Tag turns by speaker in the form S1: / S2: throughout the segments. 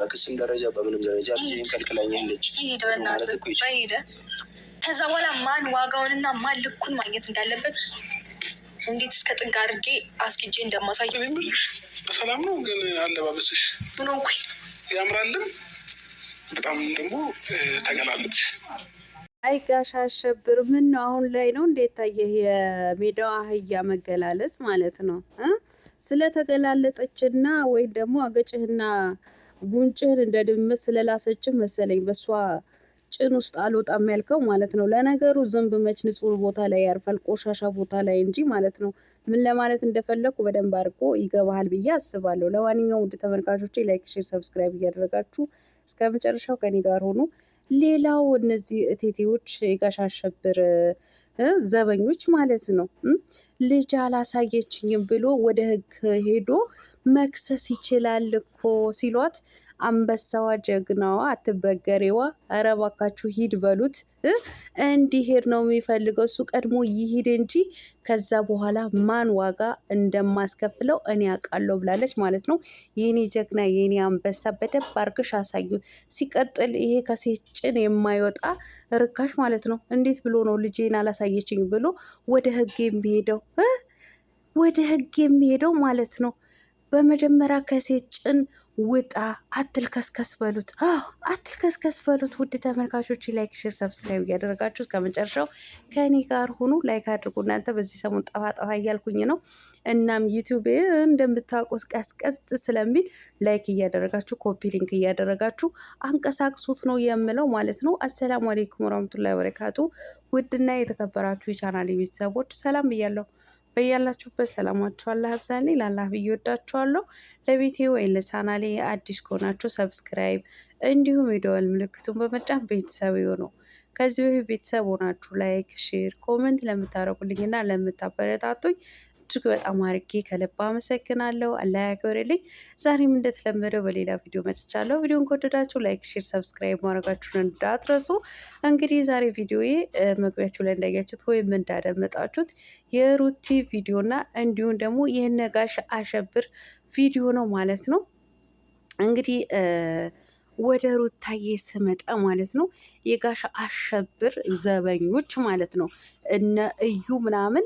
S1: በክስም ደረጃ በምንም ደረጃ ከልክላኛለች ማለት እኮ ከዛ በኋላ ማን ዋጋውንና ማን ልኩን ማግኘት እንዳለበት እንዴት እስከ ጥግ አድርጌ አስጊጄ እንደማሳየው
S2: በሰላም ነው። ግን አለባበስሽ ምን ሆንኩኝ? ያምራልም በጣም ደግሞ ተገላለች።
S1: አይ ጋሽ አሸብር ምን ነው አሁን ላይ ነው እንዴት ታየህ? የሜዳው አህያ መገላለጽ ማለት ነው። ስለተገላለጠችና ወይም ደግሞ አገጭህና ጉንጭህን እንደ ድመት ስለላሰችህ መሰለኝ በእሷ ጭን ውስጥ አልወጣም ያልከው ማለት ነው። ለነገሩ ዝንብ መች ንጹህ ቦታ ላይ ያርፋል? ቆሻሻ ቦታ ላይ እንጂ ማለት ነው። ምን ለማለት እንደፈለግኩ በደንብ አድርጎ ይገባሃል ብዬ አስባለሁ። ለማንኛውም ውድ ተመልካቾች ላይክ፣ ሼር፣ ሰብስክራይብ እያደረጋችሁ እስከ መጨረሻው ከኔ ጋር ሆኑ። ሌላው እነዚህ እቴቴዎች የጋሻሸብር ዘበኞች ማለት ነው ልጅ አላሳየችኝም ብሎ ወደ ህግ ሄዶ መክሰስ ይችላል እኮ ሲሏት አንበሳዋ፣ ጀግናዋ፣ አትበገሬዋ ኧረ እባካችሁ ሂድ በሉት። እንዲሄድ ነው የሚፈልገው እሱ ቀድሞ ይሂድ እንጂ ከዛ በኋላ ማን ዋጋ እንደማስከፍለው እኔ አውቃለሁ ብላለች ማለት ነው። የኔ ጀግና የኔ አንበሳ በደንብ አርገሽ አሳዩት። ሲቀጥል ይሄ ከሴት ጭን የማይወጣ ርካሽ ማለት ነው። እንዴት ብሎ ነው ልጄን አላሳየችኝ ብሎ ወደ ህግ የሚሄደው ወደ ህግ የሚሄደው ማለት ነው። በመጀመሪያ ከሴት ጭን ውጣ አትልከስከስ በሉት፣ አትልከስከስ በሉት። ውድ ተመልካቾች ላይክ፣ ሼር፣ ሰብስክራይብ እያደረጋችሁ ከመጨረሻው ከኔ ጋር ሁኑ። ላይክ አድርጉ። እናንተ በዚህ ሰሞን ጠፋ ጠፋ እያልኩኝ ነው። እናም ዩቲዩብ እንደምታውቁት ቀስቀስ ስለሚል ላይክ እያደረጋችሁ ኮፒ ሊንክ እያደረጋችሁ አንቀሳቅሱት ነው የምለው ማለት ነው። አሰላሙ አሌይኩም ወራህመቱላሂ ወበረካቱ። ውድና የተከበራችሁ የቻናል ቤተሰቦች ሰላም ብያለሁ። በያላችሁበት ሰላማችሁ አላህ አብዛኔ ላላህ ብዬ ወዳችኋለሁ። ለቤቴ ወይ ለቻናሌ አዲስ ከሆናችሁ ሰብስክራይብ፣ እንዲሁም የደወል ምልክቱን በመጫን ቤተሰብ የሆኑ ከዚህ በፊት ቤተሰብ ሆናችሁ ላይክ፣ ሼር፣ ኮመንት ለምታደርጉልኝና ለምታበረታቱኝ እጅግ በጣም አርጌ ከልብ አመሰግናለሁ። አላህ ያክብርልኝ። ዛሬም እንደተለመደው በሌላ ቪዲዮ መጥቻለሁ። ቪዲዮን ከወደዳችሁ ላይክ፣ ሼር፣ ሰብስክራይብ ማድረጋችሁን እንዳትረሱ። እንግዲህ ዛሬ ቪዲዮዬ መግቢያችሁ ላይ እንዳያችሁት ወይም እንዳደመጣችሁት የሩቲ ቪዲዮና እንዲሁም ደግሞ የነጋሽ አሸብር ቪዲዮ ነው ማለት ነው እንግዲህ ወደ ሩታዬ ስመጣ ማለት ነው የጋሽ አሸብር ዘበኞች ማለት ነው እነ እዩ ምናምን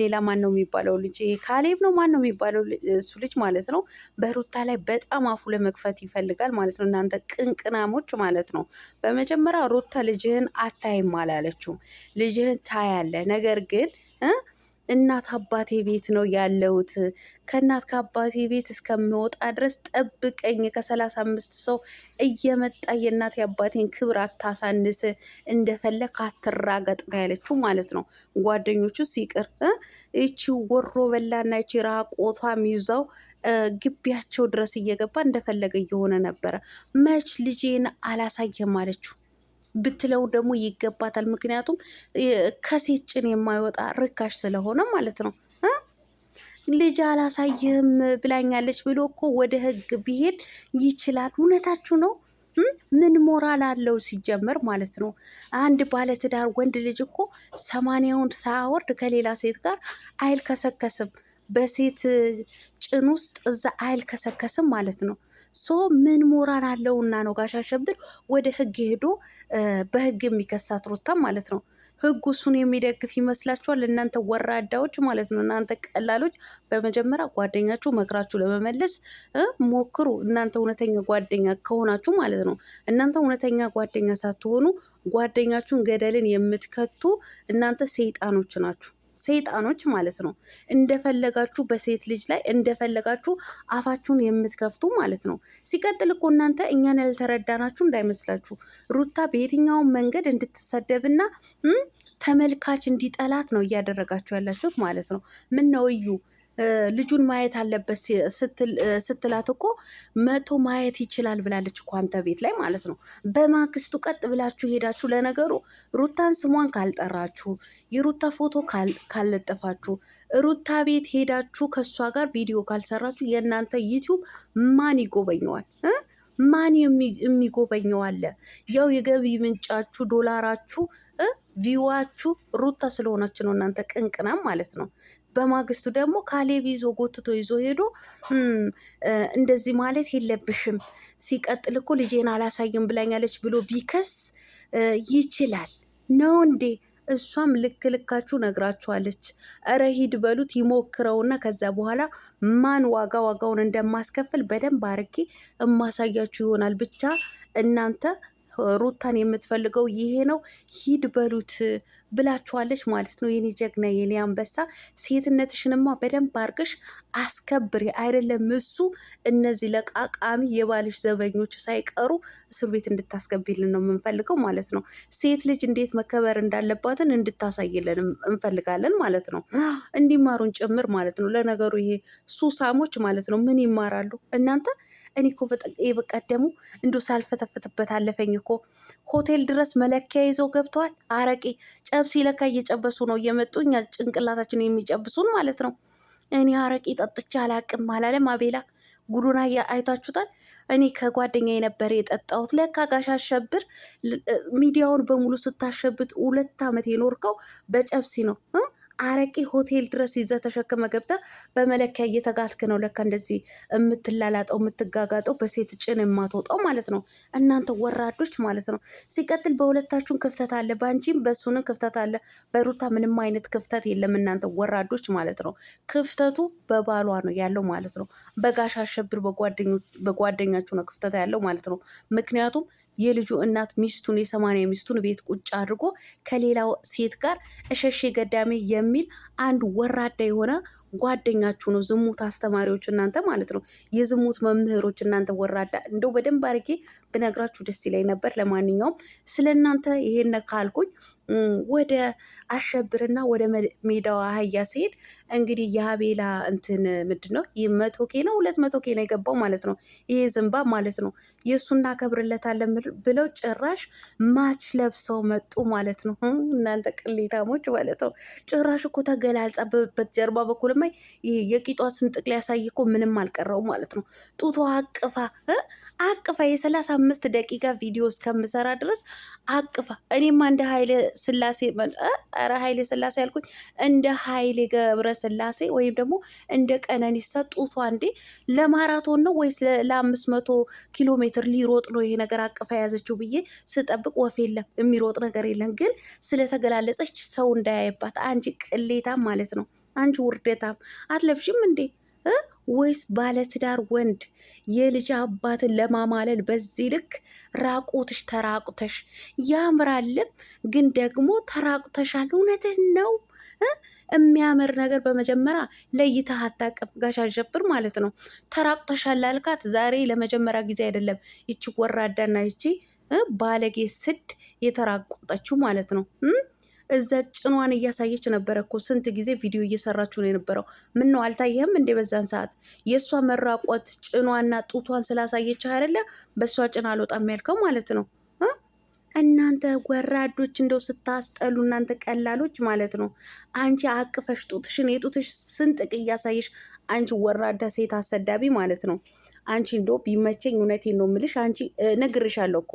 S1: ሌላ ማን ነው የሚባለው ልጅ ካሌብ ነው ማን ነው የሚባለው እሱ ልጅ ማለት ነው በሩታ ላይ በጣም አፉ ለመክፈት ይፈልጋል ማለት ነው እናንተ ቅንቅናሞች ማለት ነው በመጀመሪያ ሩታ ልጅህን አታይም አላለችውም ልጅህን ታያለ ነገር ግን እናት አባቴ ቤት ነው ያለሁት። ከእናት ከአባቴ ቤት እስከምወጣ ድረስ ጠብቀኝ። ከሰላሳ አምስት ሰው እየመጣ የእናት የአባቴን ክብር አታሳንስ፣ እንደፈለግ አትራገጥ ነው ያለችው ማለት ነው። ጓደኞቹ ሲቅር ይቺ ወሮ በላና ይቺ ራቆቷ ሚይዛው ግቢያቸው ድረስ እየገባ እንደፈለገ እየሆነ ነበረ። መች ልጄን አላሳየም አለችው። ብትለው ደግሞ ይገባታል። ምክንያቱም ከሴት ጭን የማይወጣ ርካሽ ስለሆነ ማለት ነው። ልጅ አላሳይህም ብላኛለች ብሎ እኮ ወደ ህግ ቢሄድ ይችላል። እውነታችሁ ነው። ምን ሞራል አለው ሲጀመር ማለት ነው። አንድ ባለትዳር ወንድ ልጅ እኮ ሰማንያውን ሳያወርድ ከሌላ ሴት ጋር አይልከሰከስም። በሴት ጭን ውስጥ እዛ አይልከሰከስም ማለት ነው። ሶ ምን ሞራል አለውና ነው ጋሽ አሸብር ወደ ህግ ሄዶ በህግ የሚከሳት ሩታም ማለት ነው። ህጉ እሱን የሚደግፍ ይመስላችኋል? እናንተ ወራዳዎች ማለት ነው። እናንተ ቀላሎች፣ በመጀመሪያ ጓደኛችሁ መክራችሁ ለመመለስ ሞክሩ። እናንተ እውነተኛ ጓደኛ ከሆናችሁ ማለት ነው። እናንተ እውነተኛ ጓደኛ ሳትሆኑ ጓደኛችሁን ገደልን የምትከቱ እናንተ ሰይጣኖች ናችሁ። ሰይጣኖች ማለት ነው። እንደፈለጋችሁ በሴት ልጅ ላይ እንደፈለጋችሁ አፋችሁን የምትከፍቱ ማለት ነው። ሲቀጥል እኮ እናንተ እኛን ያልተረዳናችሁ እንዳይመስላችሁ ሩታ በየትኛውን መንገድ እንድትሰደብና ተመልካች እንዲጠላት ነው እያደረጋችሁ ያላችሁት ማለት ነው። ምን ነው እዩ ልጁን ማየት አለበት ስትላት እኮ መቶ ማየት ይችላል ብላለች እኮ አንተ ቤት ላይ ማለት ነው። በማክስቱ ቀጥ ብላችሁ ሄዳችሁ ለነገሩ ሩታን ስሟን ካልጠራችሁ፣ የሩታ ፎቶ ካልለጠፋችሁ፣ ሩታ ቤት ሄዳችሁ ከእሷ ጋር ቪዲዮ ካልሰራችሁ የእናንተ ዩቲዩብ ማን ይጎበኘዋል? ማን የሚጎበኘዋለ? ያው የገቢ ምንጫችሁ ዶላራችሁ ቪዋችሁ ሩታ ስለሆነች ነው እናንተ ቅንቅናም ማለት ነው። በማግስቱ ደግሞ ካሌብ ይዞ ጎትቶ ይዞ ሄዶ እንደዚህ ማለት የለብሽም ሲቀጥል እኮ ልጄን አላሳይም ብላኛለች ብሎ ቢከስ ይችላል ነው እንዴ? እሷም ልክ ልካችሁ ነግራችኋለች። እረ ሂድ በሉት ይሞክረውና ከዛ በኋላ ማን ዋጋ ዋጋውን እንደማስከፍል በደንብ አርጌ እማሳያችሁ ይሆናል። ብቻ እናንተ ሩታን የምትፈልገው ይሄ ነው፣ ሂድ በሉት ብላችኋለች ማለት ነው። የኔ ጀግና፣ የኔ አንበሳ፣ ሴትነትሽንማ በደንብ አርገሽ አስከብሪ። አይደለም እሱ እነዚህ ለቃቃሚ የባልሽ ዘበኞች ሳይቀሩ እስር ቤት እንድታስገቢልን ነው የምንፈልገው ማለት ነው። ሴት ልጅ እንዴት መከበር እንዳለባትን እንድታሳይልን እንፈልጋለን ማለት ነው። እንዲማሩን ጭምር ማለት ነው። ለነገሩ ይሄ ሱሳሞች ማለት ነው ምን ይማራሉ እናንተ እኔ እኮ የበቀደሙ እንዶ ሳልፈተፍትበት አለፈኝ እኮ ሆቴል ድረስ መለኪያ ይዘው ገብተዋል። አረቄ ጨብሲ ለካ እየጨበሱ ነው እየመጡ እኛ ጭንቅላታችን የሚጨብሱን ማለት ነው። እኔ አረቄ ጠጥቼ አላቅም አላለም አቤላ። ጉዱና አይታችሁታል። እኔ ከጓደኛ የነበረ የጠጣሁት ለካ ጋሽ አሸብር ሚዲያውን በሙሉ ስታሸብት ሁለት ዓመት የኖርከው በጨብሲ ነው። አረቂ ሆቴል ድረስ ይዘ ተሸክመ ገብተህ በመለኪያ እየተጋትክ ነው። ለካ እንደዚህ የምትላላጠው የምትጋጋጠው በሴት ጭን የማትወጣው ማለት ነው። እናንተ ወራዶች ማለት ነው። ሲቀጥል በሁለታችሁን ክፍተት አለ፣ በአንቺም በእሱንም ክፍተት አለ። በሩታ ምንም አይነት ክፍተት የለም። እናንተ ወራዶች ማለት ነው። ክፍተቱ በባሏ ነው ያለው ማለት ነው። በጋሻ አሸብር በጓደኛችሁ ነው ክፍተት ያለው ማለት ነው። ምክንያቱም የልጁ እናት ሚስቱን የሰማንያ ሚስቱን ቤት ቁጭ አድርጎ ከሌላው ሴት ጋር እሸሼ ገዳሜ የሚል አንድ ወራዳ የሆነ ጓደኛችሁ ነው ዝሙት አስተማሪዎች እናንተ ማለት ነው፣ የዝሙት መምህሮች እናንተ ወራዳ። እንደው በደንብ አድርጌ ብነግራችሁ ደስ ይለኝ ነበር። ለማንኛውም ስለ እናንተ ይሄን ካልኩኝ ወደ አሸብርና ወደ ሜዳዋ አህያ ሲሄድ እንግዲህ የሀቤላ እንትን ምንድን ነው መቶ ኬ ነው ሁለት መቶ ኬ ነው የገባው ማለት ነው። ይሄ ዝንባ ማለት ነው የእሱ እናከብርለታለን ብለው ጭራሽ ማች ለብሰው መጡ ማለት ነው። እናንተ ቅሌታሞች ማለት ነው። ጭራሽ እኮ ተገላልጻ በጀርባ በኩል ሲሰማኝ ይሄ የቂጧ ስንጥቅ ሊያሳይ እኮ ምንም አልቀረው ማለት ነው። ጡቷ አቅፋ አቅፋ የሰላሳ አምስት ደቂቃ ቪዲዮ እስከምሰራ ድረስ አቅፋ እኔማ እንደ ኃይሌ ስላሴ ኧረ ኃይሌ ስላሴ ያልኩኝ እንደ ኃይሌ ገብረ ስላሴ ወይም ደግሞ እንደ ቀነኒሳ ጡቷ እንዴ ለማራቶን ነው ወይስ ለአምስት መቶ ኪሎ ሜትር ሊሮጥ ነው ይሄ ነገር አቅፋ የያዘችው ብዬ ስጠብቅ ወፍ የለም የሚሮጥ ነገር የለም። ግን ስለተገላለጸች ሰው እንዳያይባት አንቺ ቅሌታ ማለት ነው። አንቺ ውርደታም አትለብሽም እንዴ? ወይስ ባለትዳር ወንድ የልጅ አባትን ለማማለል በዚህ ልክ ራቁትሽ ተራቁተሽ ያምራልም፣ ግን ደግሞ ተራቁተሻል። እውነትህን ነው የሚያምር ነገር በመጀመሪያ ለይተህ አታውቅም። ጋሽ አሸብር ማለት ነው። ተራቁተሻል ላልካት ዛሬ ለመጀመሪያ ጊዜ አይደለም። ይቺ ወራዳና ይቺ ባለጌ ስድ የተራቆጠችው ማለት ነው። እዛ ጭኗን እያሳየች ነበረ እኮ ስንት ጊዜ ቪዲዮ እየሰራችሁ ነው የነበረው። ምን ነው አልታየህም እንዴ? በዛን ሰዓት የእሷ መራቆት ጭኗና ጡቷን ስላሳየች አይደለ? በእሷ ጭን አልወጣም ያልከው ማለት ነው። እናንተ ወራዶች እንደው ስታስጠሉ እናንተ ቀላሎች ማለት ነው። አንቺ አቅፈሽ ጡትሽን የጡትሽ ስንጥቅ እያሳየሽ አንቺ ወራዳ ሴት አሰዳቢ ማለት ነው። አንቺ እንደው ቢመቸኝ እውነቴን ነው የምልሽ። አንቺ ነግሬሻለሁ እኮ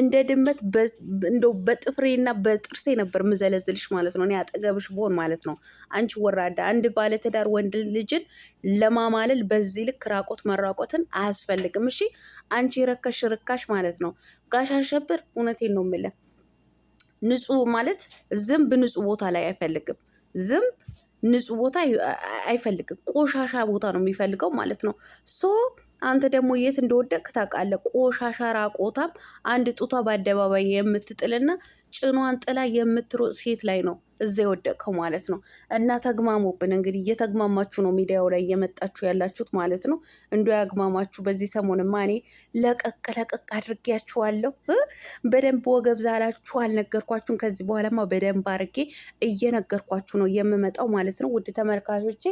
S1: እንደ ድመት እንደው በጥፍሬና በጥርሴ ነበር ምዘለዝልሽ ማለት ነው። እኔ አጠገብሽ ብሆን ማለት ነው። አንቺ ወራዳ፣ አንድ ባለትዳር ወንድ ልጅን ለማማለል በዚህ ልክ ራቆት መራቆትን አያስፈልግም። እሺ አንቺ ረከሽ ርካሽ ማለት ነው። ጋሽ አሸብር እውነቴን ነው የምልህ ንጹህ ማለት ዝንብ ንጹህ ቦታ ላይ አይፈልግም ዝንብ ንጹህ ቦታ አይፈልግም። ቆሻሻ ቦታ ነው የሚፈልገው ማለት ነው ሶ አንተ ደግሞ የት እንደወደቅ ታውቃለህ። ቆሻሻ ራቆታም አንድ ጡቷ በአደባባይ የምትጥልና ጭኗን ጥላ የምትሮጥ ሴት ላይ ነው እዛ የወደቅከው ማለት ነው። እና ተግማሙብን እንግዲህ እየተግማማችሁ ነው ሚዲያው ላይ እየመጣችሁ ያላችሁት ማለት ነው። እንዶ ያግማማችሁ። በዚህ ሰሞንማ እኔ ለቀቅ ለቀቅ አድርጌያችኋለሁ። በደንብ ወገብ ዛላችሁ አልነገርኳችሁም። ከዚህ በኋላማ በደንብ አድርጌ እየነገርኳችሁ ነው የምመጣው ማለት ነው ውድ ተመልካቾቼ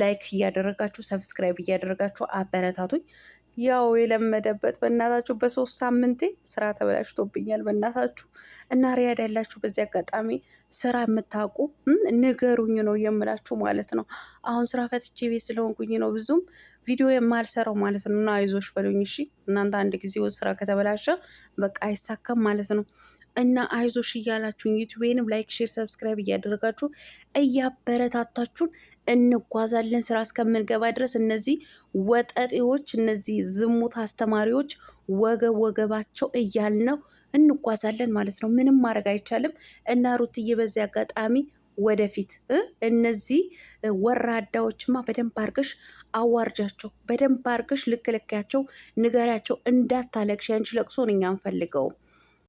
S1: ላይክ እያደረጋችሁ ሰብስክራይብ እያደረጋችሁ አበረታቱኝ። ያው የለመደበት በእናታችሁ በሶስት ሳምንቴ ስራ ተበላሽቶብኛል። በእናታችሁ እና ሪያድ ያላችሁ በዚህ አጋጣሚ ስራ የምታውቁ ንገሩኝ ነው የምላችሁ ማለት ነው። አሁን ስራ ፈትቼ ቤት ስለሆንኩኝ ነው ብዙም ቪዲዮ የማልሰራው ማለት ነው። እና አይዞሽ በሉኝ እሺ። እናንተ አንድ ጊዜ ስራ ከተበላሸ በቃ አይሳካም ማለት ነው። እና አይዞሽ እያላችሁን ዩቲዩቤንም ላይክ፣ ሼር፣ ሰብስክራይብ እያደረጋችሁ እያበረታታችሁን እንጓዛለን ስራ እስከምንገባ ድረስ እነዚህ ወጠጤዎች፣ እነዚህ ዝሙት አስተማሪዎች ወገብ ወገባቸው እያል ነው እንጓዛለን ማለት ነው። ምንም ማድረግ አይቻልም። እና ሩትዬ በዚህ አጋጣሚ ወደፊት እነዚህ ወራዳዎችማ በደንብ አድርገሽ አዋርጃቸው፣ በደንብ አድርገሽ ልክ ንገሪያቸው። እንዳታለቅሽ፣ ያንቺ ለቅሶን እኛ አንፈልገውም።